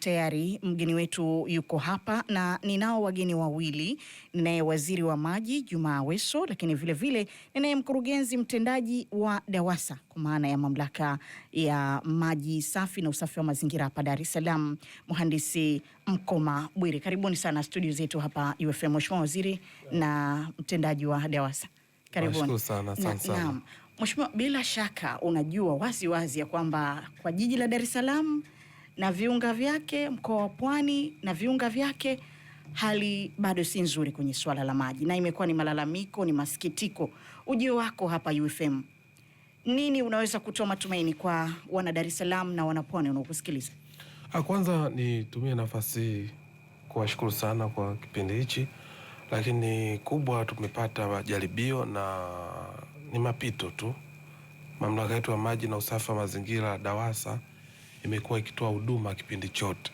Tayari mgeni wetu yuko hapa na ninao wageni wawili, ninaye waziri wa maji Juma Aweso, lakini vilevile ninaye mkurugenzi mtendaji wa DAWASA kwa maana ya mamlaka ya maji safi na usafi wa mazingira hapa Dar es Salaam, mhandisi Mkoma Bwire. Karibuni sana studio zetu hapa UFM, Mheshimiwa Waziri na mtendaji wa DAWASA, karibuni sana sana sana. Mheshimiwa, bila shaka unajua wazi wazi ya kwamba kwa jiji la Dar es Salaam na viunga vyake, mkoa wa Pwani na viunga vyake, hali bado si nzuri kwenye swala la maji, na imekuwa ni malalamiko, ni masikitiko. Ujio wako hapa UFM, nini unaweza kutoa matumaini kwa wana Dar es Salaam na wana Pwani wanaokusikiliza? Ah, kwanza nitumie nafasi kuwashukuru sana kwa kipindi hichi, lakini kubwa tumepata majaribio na ni mapito tu. Mamlaka yetu ya maji na usafi wa mazingira DAWASA imekuwa ikitoa huduma kipindi chote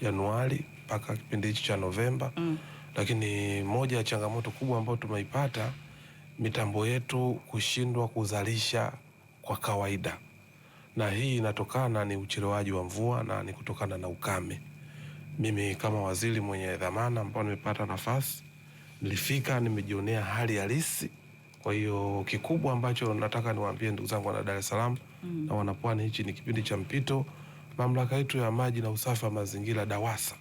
Januari mpaka kipindi hichi cha Novemba mm. Lakini moja ya changamoto kubwa ambayo tumeipata mitambo yetu kushindwa kuzalisha kwa kawaida, na hii inatokana ni uchelewaji wa mvua na ni kutokana na ukame. Mimi kama waziri mwenye dhamana ambao nimepata nafasi, nilifika nimejionea hali halisi. Kwa hiyo kikubwa ambacho nataka niwaambie ndugu zangu wana Dar es Salaam mm. na wanapwani. Hichi ni kipindi cha mpito. Mamlaka yetu ya maji na usafi wa mazingira DAWASA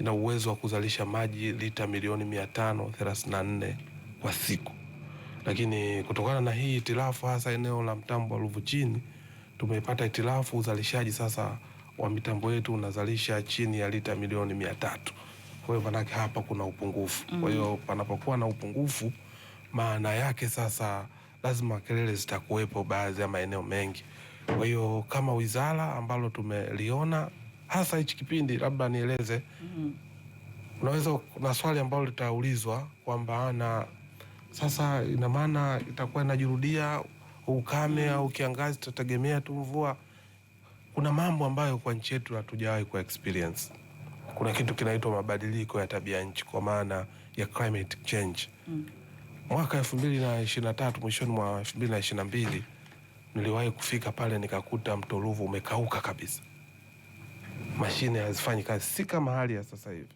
ina uwezo wa kuzalisha maji lita milioni 534 kwa siku, lakini kutokana na hii itilafu hasa eneo la mtambo wa Ruvu chini tumepata itilafu, uzalishaji sasa wa mitambo yetu unazalisha chini ya lita milioni 300. Kwa hiyo manake hapa kuna upungufu. Kwa mm. hiyo panapokuwa na upungufu, maana yake sasa lazima kelele zitakuwepo baadhi ya maeneo mengi. Kwa hiyo kama wizara ambalo tumeliona hasa hichi kipindi, labda nieleze mm -hmm. unaweza na swali ambalo litaulizwa kwamba ah, na sasa ina maana itakuwa inajirudia ukame au kiangazi, tutategemea tu mvua. Kuna mambo ambayo kwa nchi yetu hatujawahi ku experience. Kuna kitu kinaitwa mabadiliko ya tabia nchi, kwa maana ya climate change mm mwaka elfu mbili na ishirini na tatu mwishoni mwa elfu mbili na ishirini na mbili niliwahi kufika pale nikakuta mto Ruvu umekauka kabisa, mashine hazifanyi kazi, si kama hali ya sasa hivi.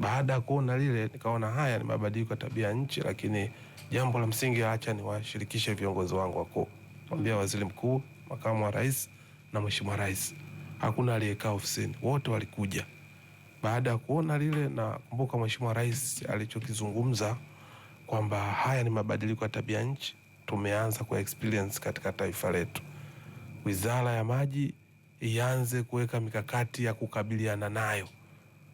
Baada ya kuona lile, nikaona haya ni mabadiliko ya tabia ya nchi, lakini jambo la msingi, acha niwashirikishe viongozi wangu wakuu, mwambia waziri mkuu, makamu wa rais na mheshimiwa rais, hakuna aliyekaa ofisini, wote walikuja baada ya kuona lile. Nakumbuka mheshimiwa rais alichokizungumza kwamba haya ni mabadiliko ya tabia nchi tumeanza kwa experience katika taifa letu. Wizara ya Maji ianze kuweka mikakati ya kukabiliana nayo.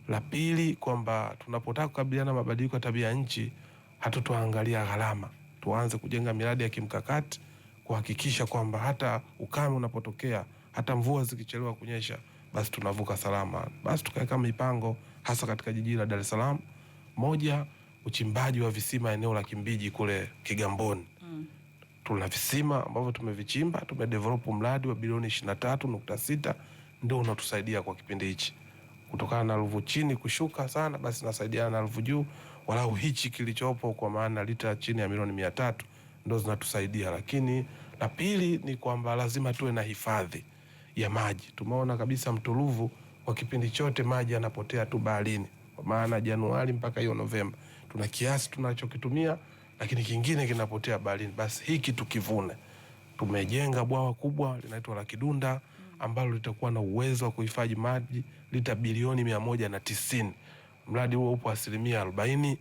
La pili, kwamba tunapotaka kukabiliana na mabadiliko ya tabia nchi hatutoangalia gharama, tuanze kujenga miradi ya kimkakati kuhakikisha kwamba hata ukame unapotokea, hata mvua zikichelewa kunyesha, basi tunavuka salama. Basi tukaweka mipango hasa katika jiji la Dar es Salaam, moja uchimbaji wa visima eneo la Kimbiji kule Kigamboni mm. tuna visima ambavyo tumevichimba, tumedevelop mradi wa bilioni 23.6 ndio unatusaidia kwa kipindi hichi kutokana na ruvu chini kushuka sana, basi nasaidiana na ruvu juu, walau hichi kilichopo, kwa maana lita chini ya milioni 300 ndio zinatusaidia. Lakini la pili ni kwamba lazima tuwe na hifadhi ya maji. Tumeona kabisa mto Ruvu kwa kipindi chote maji yanapotea tu baharini, kwa maana Januari mpaka hiyo Novemba tuna kiasi tunachokitumia, lakini kingine kinapotea baharini, basi hiki tukivune Tumejenga bwawa kubwa linaitwa la Kidunda ambalo litakuwa na uwezo wa kuhifadhi maji lita bilioni mia moja na tisini. Mradi huo upo asilimia arobaini,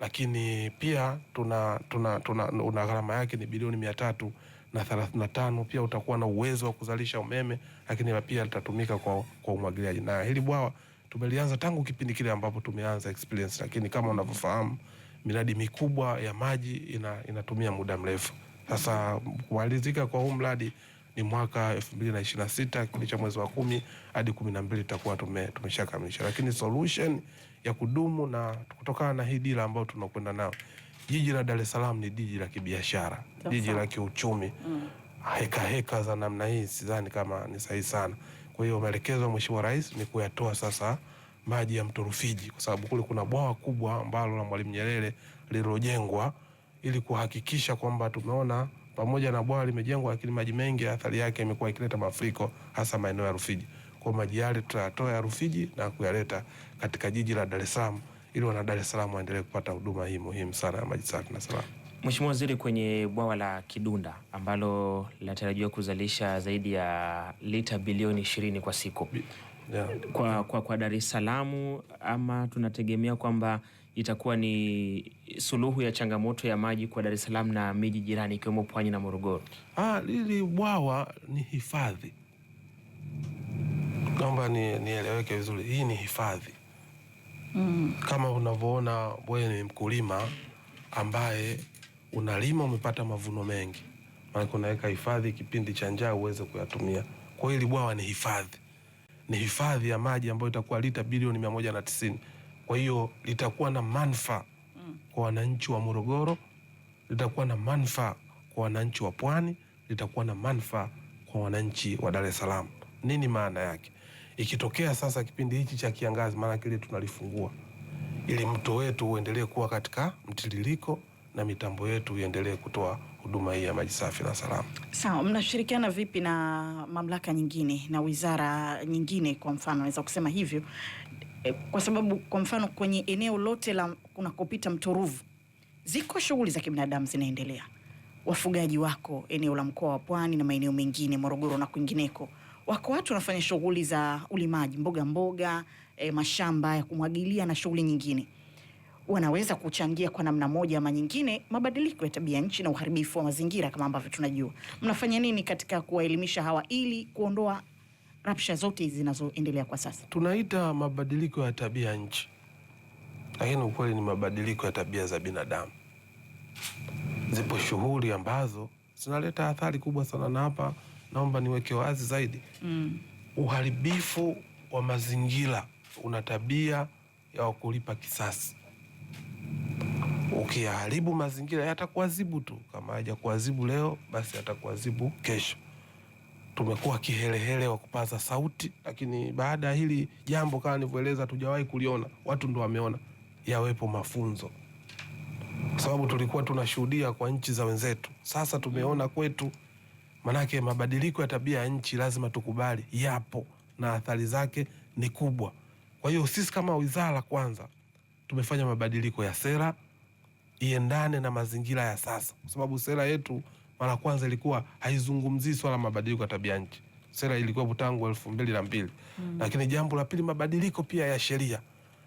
lakini pia tuna, tuna, tuna, una gharama yake ni bilioni mia tatu na thelathini na tano. Pia utakuwa na uwezo wa kuzalisha umeme, lakini pia litatumika kwa, kwa umwagiliaji na hili bwawa tumelianza tangu kipindi kile ambapo tumeanza experience, lakini kama unavyofahamu miradi mikubwa ya maji ina, inatumia muda mrefu. Sasa kumalizika kwa huu mradi ni mwaka 2026 kipindi cha mwezi wa kumi hadi kumi na mbili tutakuwa tumeshakamilisha, lakini solution ya kudumu na kutokana na hii dira ambayo tunakwenda nayo, jiji la Dar es Salaam ni jiji la kibiashara, jiji la kiuchumi mm. heka heka za namna hii sidhani kama ni sahihi sana. Kwa hiyo maelekezo ya Mheshimiwa Rais ni kuyatoa sasa maji ya mto Rufiji kwa sababu kule kuna bwawa kubwa ambalo la Mwalimu Nyerere lililojengwa ili kuhakikisha kwamba tumeona pamoja na bwawa limejengwa, lakini maji mengi ya athari yake imekuwa ikileta mafuriko hasa maeneo ya Rufiji. Kwa maji yale tutayatoa ya Rufiji na kuyaleta katika jiji la Dar es Salaam ili wana Dar es Salaam waendelee kupata huduma hii muhimu sana ya maji safi na salama. Mheshimiwa Waziri, kwenye bwawa la Kidunda ambalo linatarajiwa kuzalisha zaidi ya lita bilioni ishirini kwa siku yeah. Kwa, kwa, kwa Dar es Salaam ama tunategemea kwamba itakuwa ni suluhu ya changamoto ya maji kwa Dar es Salaam na miji jirani ikiwemo Pwani na Morogoro? Ah, lili bwawa ni hifadhi, naomba nieleweke ni vizuri, hii ni hifadhi mm. Kama unavyoona wewe ni mkulima ambaye unalima umepata mavuno mengi, maana unaweka hifadhi kipindi cha njaa uweze kuyatumia. Kwa hiyo ili bwawa ni hifadhi, ni hifadhi ya maji ambayo itakuwa lita bilioni mia moja na tisini. Kwa hiyo litakuwa na manufaa kwa wananchi wa Morogoro, litakuwa na manufaa kwa wananchi wa Pwani, litakuwa na manufaa kwa wananchi wa Dar es Salaam. Nini maana yake? Ikitokea sasa kipindi hichi cha kiangazi, maana kile tunalifungua ili mto wetu uendelee kuwa katika mtiririko na mitambo yetu iendelee kutoa huduma hii ya maji safi na salama. Sawa, mnashirikiana vipi na mamlaka nyingine na wizara nyingine? Kwa mfano naweza kusema hivyo e, kwa sababu kwa mfano kwenye eneo lote la kunakopita mto Ruvu ziko shughuli za kibinadamu zinaendelea. Wafugaji wako eneo la mkoa wa Pwani na maeneo mengine Morogoro na kwingineko, wako watu wanafanya shughuli za ulimaji mboga mboga, e, mashamba ya kumwagilia na shughuli nyingine wanaweza kuchangia kwa namna moja ama nyingine mabadiliko ya tabia nchi na uharibifu wa mazingira kama ambavyo tunajua. Mnafanya nini katika kuwaelimisha hawa ili kuondoa rapsha zote zinazoendelea kwa sasa? Tunaita mabadiliko ya tabia nchi, lakini ukweli ni mabadiliko ya tabia za binadamu. Zipo shughuli ambazo zinaleta athari kubwa sana, na hapa naomba niweke wazi zaidi mm. Uharibifu wa mazingira una tabia ya kulipa kisasi Ukiharibu mazingira yatakuadhibu tu, kama hajakuadhibu leo basi atakuadhibu kesho. Tumekuwa kihelehele wa kupaza sauti, lakini baada ya hili jambo kama nilivyoeleza, tujawahi kuliona, watu ndo wameona yawepo mafunzo, kwa sababu tulikuwa tunashuhudia kwa nchi za wenzetu, sasa tumeona kwetu. Manake mabadiliko ya tabia ya nchi lazima tukubali yapo na athari zake ni kubwa. Kwa hiyo sisi kama wizara kwanza tumefanya mabadiliko ya sera iendane na mazingira ya sasa, kwa sababu sera yetu mara kwanza ilikuwa haizungumzii swala mabadiliko ya tabia nchi. Sera ilikuwa tangu elfu mbili na mbili mm. Lakini jambo la pili, mabadiliko pia ya sheria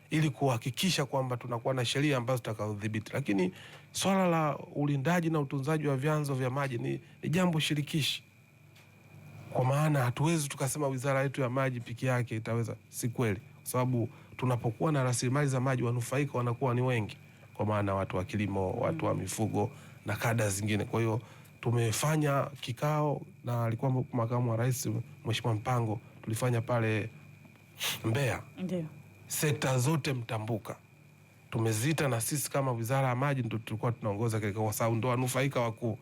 ili kuhakikisha kwamba tunakuwa na sheria ambazo tutakaodhibiti. Lakini swala la ulindaji na utunzaji wa vyanzo vya maji ni, ni jambo shirikishi, kwa maana hatuwezi tukasema wizara yetu ya maji peke yake itaweza. Si kweli, kwa sababu tunapokuwa na rasilimali za maji wanufaika wanakuwa ni wengi kwa maana watu wa kilimo, watu wa mm. mifugo na kada zingine. Kwa hiyo tumefanya kikao na alikuwa makamu wa rais Mheshimiwa Mpango, tulifanya pale Mbeya. Ndio. Sekta zote mtambuka tumeziita na sisi kama Wizara ya Maji ndo tulikuwa tunaongoza kile, kwa sababu ndo wanufaika wakuu.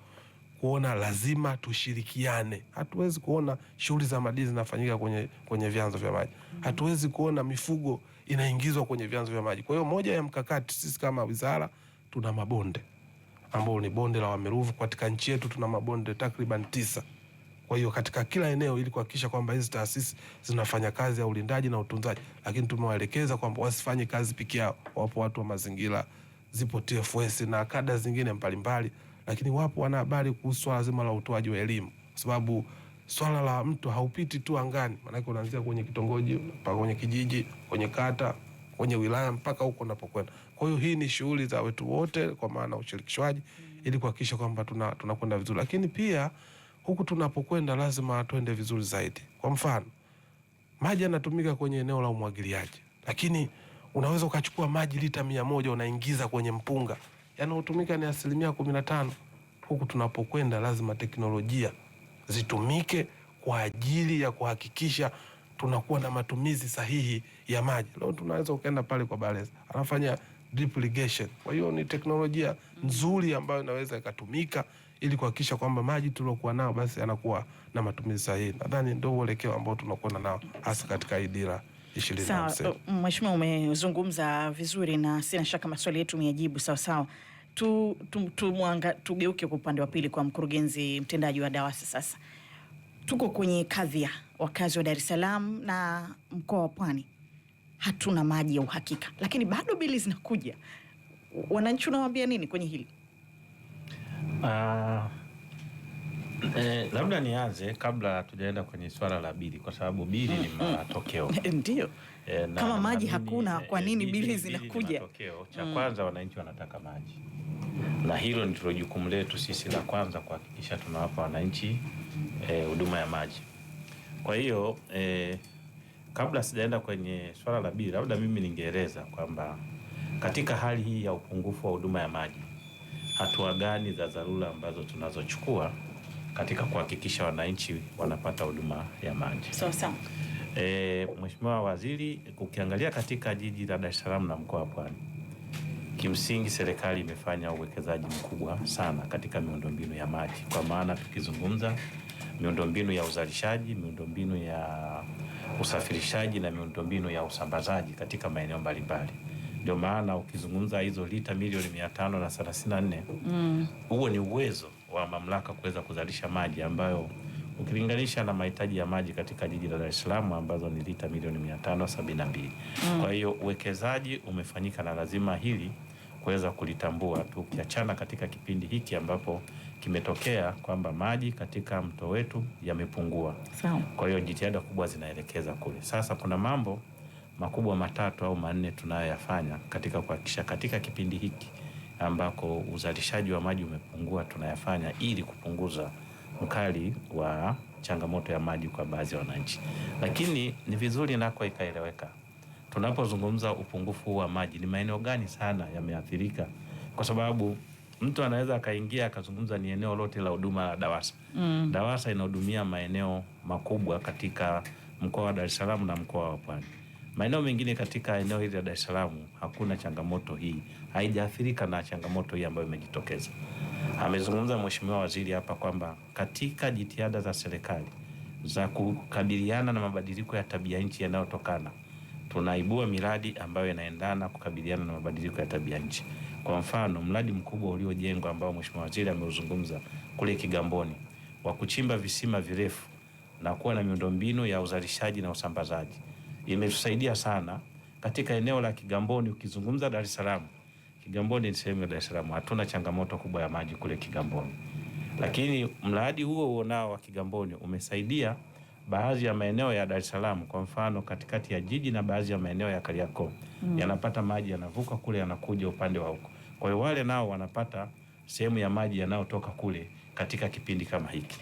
Kuona lazima tushirikiane, hatuwezi kuona shughuli za madini zinafanyika kwenye, kwenye vyanzo vya maji, mm. hatuwezi kuona mifugo inaingizwa kwenye vyanzo vya maji. Kwa hiyo moja ya mkakati sisi kama wizara tuna mabonde ambao ni bonde la Wameruvu. Katika nchi yetu tuna mabonde takriban tisa. Kwa hiyo katika kila eneo, ili kuhakikisha kwamba hizi taasisi zinafanya kazi ya ulindaji na utunzaji, lakini tumewaelekeza kwamba wasifanye kazi peke yao. Wapo watu wa mazingira, zipo TFS na kada zingine mbalimbali, lakini wapo wanahabari kuhusu swala zima la utoaji wa elimu, kwa sababu swala la mtu haupiti tu angani, maanake unaanzia kwenye kitongoji mpaka kwenye kijiji, kwenye kata, kwenye wilaya mpaka huko unapokwenda. Kwa hiyo hii ni shughuli za wetu wote, kwa maana ushirikishwaji, ili kuhakikisha kwamba tunakwenda tuna vizuri, lakini pia huku tunapokwenda lazima tuende vizuri zaidi. Kwa mfano, maji yanatumika kwenye eneo la umwagiliaji, lakini unaweza ukachukua maji lita mia moja unaingiza kwenye mpunga, yanayotumika ni asilimia kumi na tano. Huku tunapokwenda lazima teknolojia zitumike kwa ajili ya kuhakikisha tunakuwa na matumizi sahihi ya maji. Leo tunaweza ukaenda pale kwa Baleza anafanya drip irrigation. Kwa hiyo ni teknolojia nzuri ambayo inaweza ikatumika ili kuhakikisha kwamba maji tuliokuwa nao basi yanakuwa na matumizi sahihi. Nadhani ndio uelekeo ambao tunakuwa nao hasa katika hii dira ishirini. Mheshimiwa, umezungumza vizuri na sina shaka maswali yetu umeyajibu sawasawa tu, tu, tu mwanga, tugeuke kwa upande wa pili kwa mkurugenzi mtendaji wa DAWASA. Sasa tuko kwenye kadhi ya wakazi wa Dar es Salaam na mkoa wa Pwani, hatuna maji ya uhakika, lakini bado bili zinakuja. Wananchi unawaambia nini kwenye hili? Uh, eh, labda nianze kabla hatujaenda kwenye swala la bili, kwa sababu bili ni mm, mm. matokeo ndio. Eh, kama maji hakuna, kwa eh, nini eh, bili zinakuja? Matokeo cha mm. kwanza, wananchi wanataka maji na hilo ndilo jukumu letu sisi la kwanza, kuhakikisha tunawapa wananchi eh, huduma e, ya maji. Kwa hiyo e, kabla sijaenda kwenye swala la bili, labda mimi ningeeleza kwamba katika hali hii ya upungufu wa huduma ya maji, hatua gani za dharura ambazo tunazochukua katika kuhakikisha wananchi wanapata huduma ya maji. So, so. E, Mheshimiwa Waziri, ukiangalia katika jiji la Dar es Salaam na mkoa wa Pwani Kimsingi serikali imefanya uwekezaji mkubwa sana katika miundombinu ya maji, kwa maana tukizungumza miundombinu ya uzalishaji, miundombinu ya usafirishaji na miundombinu ya usambazaji katika maeneo mbalimbali. Ndio maana ukizungumza hizo lita milioni mia tano na thelathini na nne mm. huo mm, ni uwezo wa mamlaka kuweza kuzalisha maji ambayo ukilinganisha na mahitaji ya maji katika jiji la Dar es Salaam ambazo ni lita milioni mia tano sabini na mbili. Mm. Kwa hiyo uwekezaji umefanyika na lazima hili kuweza kulitambua, tukiachana katika kipindi hiki ambapo kimetokea kwamba maji katika mto wetu yamepungua. Kwa hiyo jitihada kubwa zinaelekeza kule. Sasa kuna mambo makubwa matatu au manne tunayoyafanya katika kuhakikisha katika kipindi hiki ambako uzalishaji wa maji umepungua, tunayafanya ili kupunguza mkali wa changamoto ya maji kwa baadhi ya wananchi, lakini ni vizuri nako ikaeleweka tunapozungumza upungufu wa maji, ni maeneo gani sana yameathirika? Kwa sababu mtu anaweza akaingia akazungumza ni eneo lote la huduma la DAWASA. Mm. DAWASA inahudumia maeneo makubwa katika mkoa wa Dar es Salaam na mkoa wa Pwani. Maeneo mengine katika eneo hili la Dar es Salaam hakuna changamoto hii, haijaathirika na changamoto hii ambayo imejitokeza. Amezungumza mheshimiwa waziri hapa kwamba katika jitihada za serikali za kukabiliana na mabadiliko ya tabia nchi yanayotokana tunaibua miradi ambayo inaendana kukabiliana na mabadiliko ya tabia nchi. Kwa mfano, mradi mkubwa uliojengwa ambao Mheshimiwa Waziri ameuzungumza kule Kigamboni wa kuchimba visima virefu na kuwa na miundombinu ya uzalishaji na usambazaji imetusaidia sana katika eneo la Kigamboni. Ukizungumza Dar es Salaam, Kigamboni ni sehemu ya Dar es Salaam, hatuna changamoto kubwa ya maji kule Kigamboni, lakini mradi huo uonao wa Kigamboni umesaidia baadhi ya maeneo ya Dar es Salaam kwa mfano katikati ya jiji na baadhi ya maeneo ya Kariakoo mm. yanapata maji yanavuka kule yanakuja upande wa huko. Kwa hiyo wale nao wanapata sehemu ya maji yanayotoka kule katika kipindi kama hiki.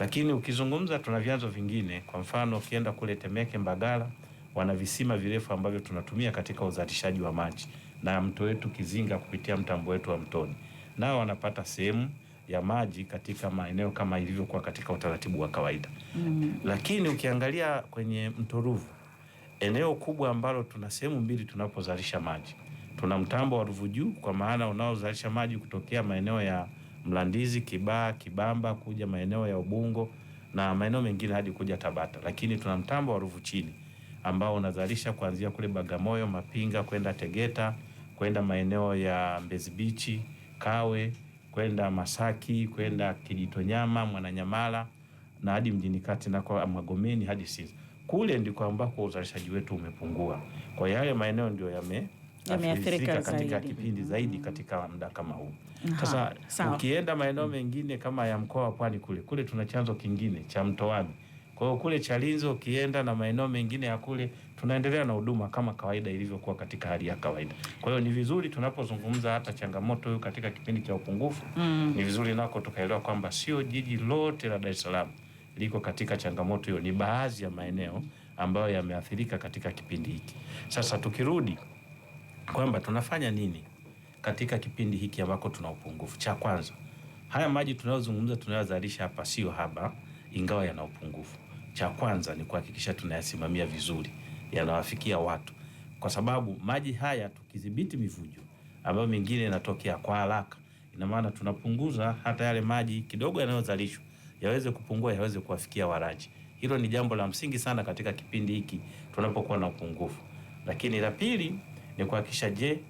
Lakini ukizungumza tuna vyanzo vingine, kwa mfano ukienda kule Temeke, Mbagala wana visima virefu ambavyo tunatumia katika uzalishaji wa maji na mto wetu Kizinga kupitia mtambo wetu wa Mtoni, nao wanapata sehemu ya maji katika maeneo kama ilivyokuwa katika utaratibu wa kawaida mm. Lakini ukiangalia kwenye mto Ruvu, eneo kubwa ambalo tuna sehemu mbili tunapozalisha maji, tuna mtambo wa Ruvu juu kwa maana unaozalisha maji kutokea maeneo ya Mlandizi, Kibaa, Kibamba kuja maeneo ya Ubungo na maeneo mengine hadi kuja Tabata, lakini tuna mtambo wa Ruvu chini ambao unazalisha kuanzia kule Bagamoyo, Mapinga kwenda Tegeta kwenda maeneo ya Mbezi Beach, Kawe kwenda Masaki, kwenda Kijitonyama, Mwananyamala na hadi mjini kati na kwa Magomeni hadi Sinza. Kule ndiko ambako uzalishaji wetu umepungua. Kwa hiyo yale maeneo ndio yame athirika katika kipindi zaidi mm. katika muda kama huu. Sasa ukienda maeneo mengine kama ya mkoa wa Pwani kule kule, tuna chanzo kingine cha Wami kwa hiyo kule Chalinzo ukienda na maeneo mengine ya kule tunaendelea na huduma kama kawaida ilivyokuwa katika hali ya kawaida. Kwa hiyo ni vizuri tunapozungumza hata changamoto hiyo katika kipindi cha upungufu mm. Ni vizuri nako tukaelewa kwamba sio jiji lote la Dar es Salaam liko katika changamoto hiyo, ni baadhi ya maeneo ambayo yameathirika katika kipindi hiki. Sasa tukirudi kwamba tunafanya nini katika kipindi hiki ambako tuna upungufu, cha kwanza haya maji tunayozungumza tunayozalisha hapa sio haba, ingawa yana upungufu cha kwanza ni kuhakikisha tunayasimamia vizuri, yanawafikia watu, kwa sababu maji haya tukidhibiti mivujo ambayo mingine inatokea kwa haraka, ina maana tunapunguza hata yale maji kidogo yanayozalishwa yaweze kupungua, yaweze kuwafikia waraji. Hilo ni jambo la msingi sana katika kipindi hiki tunapokuwa na upungufu. Lakini la pili ni kuhakikisha, je,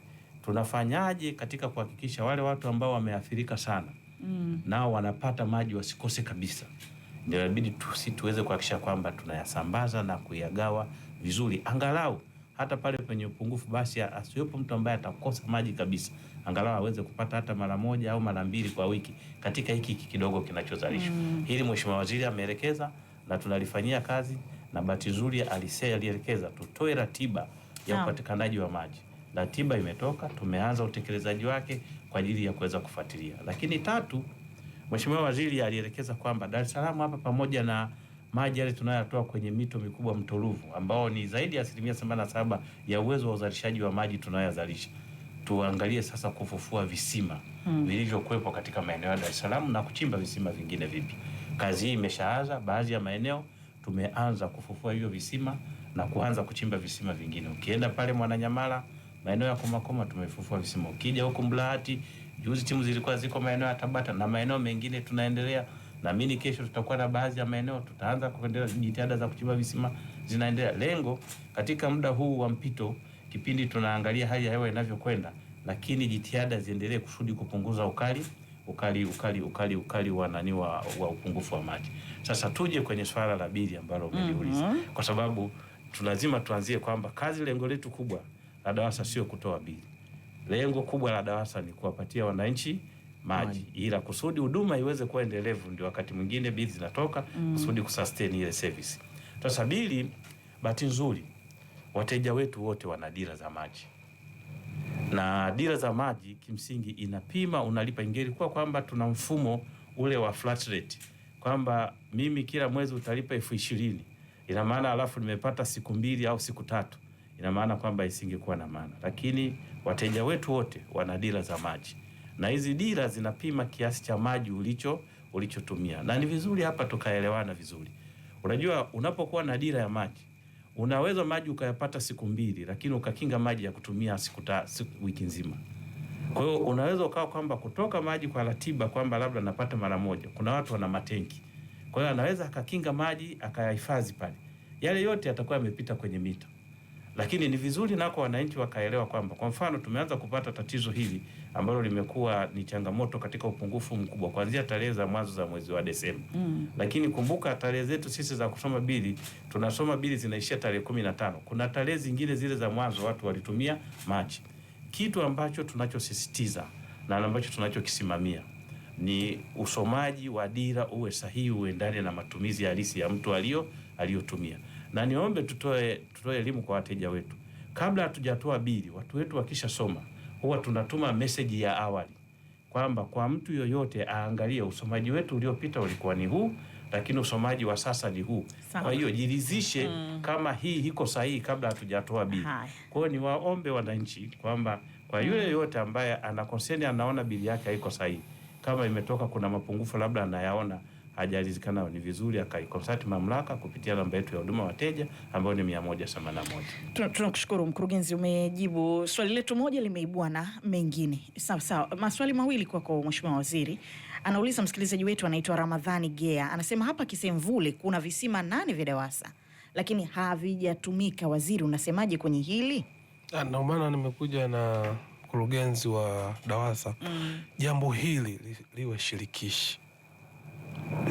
tunafanyaje katika kuhakikisha wale watu ambao wameathirika sana mm. nao wanapata maji wasikose kabisa ndio inabidi tusi tuweze kuhakikisha kwamba tunayasambaza na kuyagawa vizuri, angalau hata pale penye upungufu, basi asiwepo mtu ambaye atakosa maji kabisa, angalau aweze kupata hata mara moja au mara mbili kwa wiki katika hiki hiki kidogo kinachozalishwa. Mm. Hili Mheshimiwa Waziri ameelekeza na tunalifanyia kazi, na bahati nzuri alielekeza tutoe ratiba ya upatikanaji wa maji. Ratiba imetoka, tumeanza utekelezaji wake kwa ajili ya kuweza kufuatilia. Lakini tatu Mheshimiwa Waziri alielekeza kwamba Dar es Salaam hapa pamoja na maji yale tunayotoa kwenye mito mikubwa mto Ruvu ambao ni zaidi ya asilimia saba ya uwezo wa uzalishaji wa maji tunayozalisha, tuangalie sasa kufufua visima hmm, vilivyokuwepo katika maeneo ya Dar es Salaam na kuchimba visima vingine vipi. Kazi hii imeshaanza, baadhi ya maeneo tumeanza kufufua hivyo visima na kuanza kuchimba visima vingine. Ukienda pale Mwananyamala, maeneo ya Komakoma tumefufua visima, ukija huku Mlahati Juzi timu zilikuwa ziko maeneo ya Tabata na maeneo mengine tunaendelea, na mini kesho tutakuwa na baadhi ya maeneo tutaanza kuendelea, jitihada za kuchimba visima zinaendelea. Lengo katika muda huu wa mpito, kipindi tunaangalia hali ya hewa inavyokwenda, lakini jitihada ziendelee kusudi kupunguza ukali ukali ukali ukali ukali wa nani wa, wa upungufu wa maji. Sasa tuje kwenye swala la bili ambalo umeliuliza mm -hmm. kwa sababu tunazima tuanzie kwamba kazi lengo letu kubwa la DAWASA sio kutoa bili Lengo kubwa la DAWASA ni kuwapatia wananchi maji ila kusudi huduma iweze kuwa endelevu, ndio wakati mwingine bidhi zinatoka mm. kusudi kusustain ile service. Sasa bili, bahati nzuri wateja wetu wote wana dira za maji, na dira za maji kimsingi inapima unalipa. Ingelikuwa kwamba tuna mfumo ule wa flat rate kwamba mimi kila mwezi utalipa elfu ishirini ina maana alafu nimepata siku mbili au siku tatu ina maana kwamba isingekuwa na maana. Lakini wateja wetu wote wana dira za maji, na hizi dira zinapima kiasi cha maji ulicho ulichotumia, na ni vizuri hapa tukaelewana vizuri. Unajua, unapokuwa na dira ya maji unaweza maji ukayapata siku mbili, lakini ukakinga maji ya kutumia siku ta, siku wiki nzima. Kwa hiyo unaweza ukawa kwamba kutoka maji kwa ratiba kwamba labda napata mara moja. Kuna watu wana matenki, kwa hiyo anaweza akakinga maji akayahifadhi pale, yale yote yatakuwa yamepita kwenye mita lakini ni vizuri nako wananchi wakaelewa kwamba kwa mfano tumeanza kupata tatizo hili ambalo limekuwa ni changamoto katika upungufu mkubwa kuanzia tarehe za mwanzo za mwezi wa Desemba mm. Lakini kumbuka tarehe zetu sisi za kusoma bili tunasoma bili zinaishia tarehe kumi na tano. Kuna tarehe zingine zile za mwanzo watu walitumia Machi. Kitu ambacho tunachosisitiza na ambacho tunachokisimamia ni usomaji wa dira uwe sahihi, uendane na matumizi halisi ya mtu aliyo aliyotumia na niombe tutoe, tutoe elimu kwa wateja wetu kabla hatujatoa bili. Watu wetu wakishasoma huwa tunatuma meseji ya awali kwamba kwa mtu yoyote aangalie usomaji wetu uliopita ulikuwa ni huu, lakini usomaji wa sasa ni huu. Kwa hiyo jiridhishe mm, kama hii iko sahihi kabla hatujatoa bili. Kwa hiyo niwaombe wananchi kwamba kwa yule mm. yoyote ambaye ana concern, anaona bili yake haiko sahihi, kama imetoka kuna mapungufu labda anayaona hajaridhikana ni vizuri akaikonsati mamlaka kupitia namba yetu ya huduma wateja ambayo ni 181. Tunakushukuru mkurugenzi, umejibu swali letu moja, limeibua na mengine sawa sawa. Maswali mawili kwako mheshimiwa waziri. Anauliza msikilizaji wetu anaitwa Ramadhani Gea, anasema hapa Kisemvule kuna visima nane vya DAWASA lakini havijatumika. Waziri, unasemaje kwenye hili? Ah, ndio maana nimekuja na mkurugenzi wa DAWASA mm. jambo hili liwe shirikishi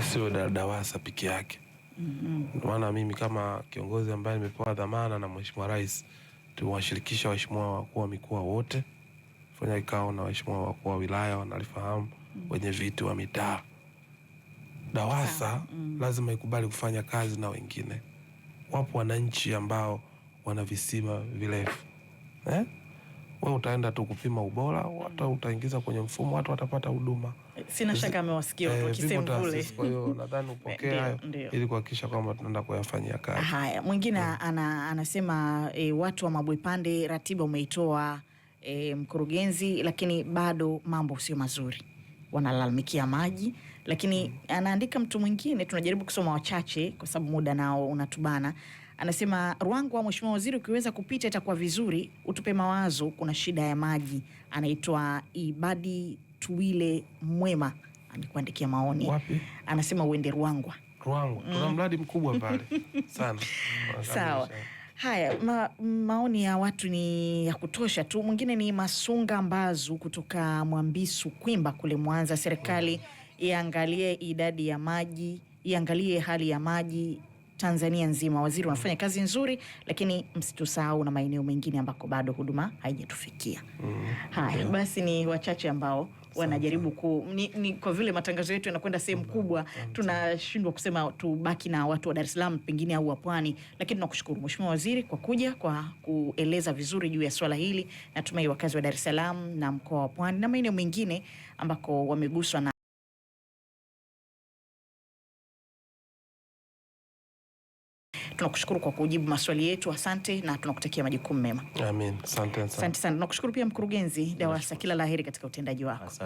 sio DAWASA peke yake. Mm -hmm. Maana mimi kama kiongozi ambaye nimepewa dhamana na Mheshimiwa Rais, tumewashirikisha waheshimiwa wakuu wa mikoa wote fanya kikao na waheshimiwa wakuu wa wilaya wanalifahamu, mm -hmm. wenye viti wa mitaa DAWASA mm -hmm. lazima ikubali kufanya kazi na wengine. Wapo wananchi ambao wana visima virefu eh? We utaenda tu kupima ubora, hata mm-hmm. utaingiza kwenye mfumo, watu watapata huduma sina shaka amewasikia watu wakisema Kwa hiyo nadhani upokee hayo ili kuhakikisha kwamba tunaenda kuyafanyia kazi. Haya, mwingine eh. ana, anasema e, watu wa Mabwepande ratiba umeitoa e, mkurugenzi, lakini bado mambo sio mazuri, wanalalamikia maji lakini hmm. Anaandika mtu mwingine, tunajaribu kusoma wachache kwa sababu muda nao unatubana. Anasema Ruangwa, Mheshimiwa Waziri, ukiweza kupita itakuwa vizuri, utupe mawazo. Kuna shida ya maji, anaitwa Ibadi Tuwile Mwema amekuandikia maoni. Wapi? Anasema uende Ruangwa. Ruangwa. Tuna mm. mradi mkubwa pale. Sana. Sawa. Haya, ma, maoni ya watu ni ya kutosha tu. Mwingine ni Masunga Mbazu kutoka Mwambisu Kwimba kule Mwanza. Serikali mm. iangalie idadi ya maji, iangalie hali ya maji Tanzania nzima. Waziri wanafanya kazi nzuri, lakini msitusahau na maeneo mengine ambako bado huduma haijatufikia. mm. Haya, mm. basi ni wachache ambao wanajaribu ku ni, ni, kwa vile matangazo yetu yanakwenda sehemu kubwa tunashindwa kusema tubaki na watu wa Dar es Salaam pengine au wa Pwani, lakini tunakushukuru Mheshimiwa Waziri kwa kuja kwa kueleza vizuri juu ya swala hili. Natumai wakazi wa Dar es Salaam na mkoa wa Pwani na maeneo mengine ambako wameguswa na tunakushukuru kwa kujibu maswali yetu, asante na tunakutakia majukumu mema. Amin. Asante sana. Tunakushukuru pia mkurugenzi DAWASA, kila la heri katika utendaji wako. Asante.